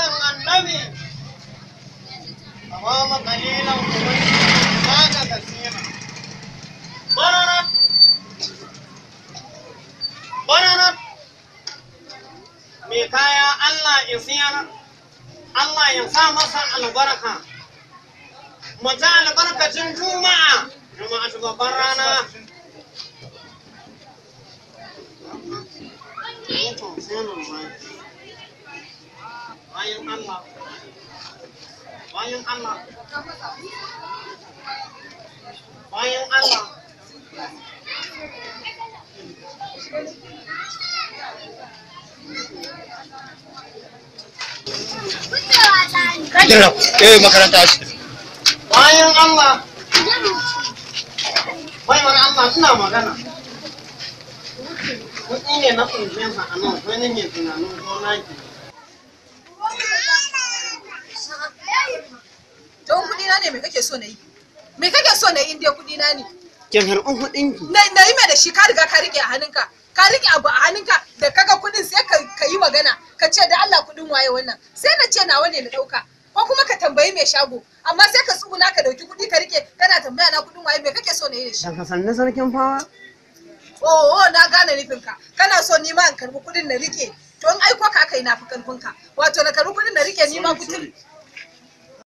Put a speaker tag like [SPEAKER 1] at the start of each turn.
[SPEAKER 1] maganan annabi amama qalilan kana kasira bararat bararat me kaya Allah ya siyar Allah ya sa masa albarka mu ta albarkacin juma'a juma'a shugaban rana Thank you. bayan Allah bayan Allah bayan Allah Eh makaranta Bayan Allah. Bayan Allah suna magana. Kuɗi ne na kungiyar a nan wani ne tunanin gona ke. ce me kake so na yi me kake so na yi inda kuɗi na ne kin harɓin kuɗin ki na yi mai da shi ka riga ka rike a hannunka ka rike abu a hannunka da kaga kuɗin sai ka yi magana ka ce da Allah kuɗin waye wannan sai na ce nawa ne na ɗauka ko kuma ka tambayi mai shago amma sai ka tsuguna ka dauki kuɗi ka rike kana tambaya na kuɗin waye me kake so na yi da shi dan ka sanni sarkin fawa oh, oh na gane nufinka kana so ni ma in karbi kuɗin na rike to in aiko ka kai na fi karfin ka wato na karbi kuɗin na rike ni ma kuɗin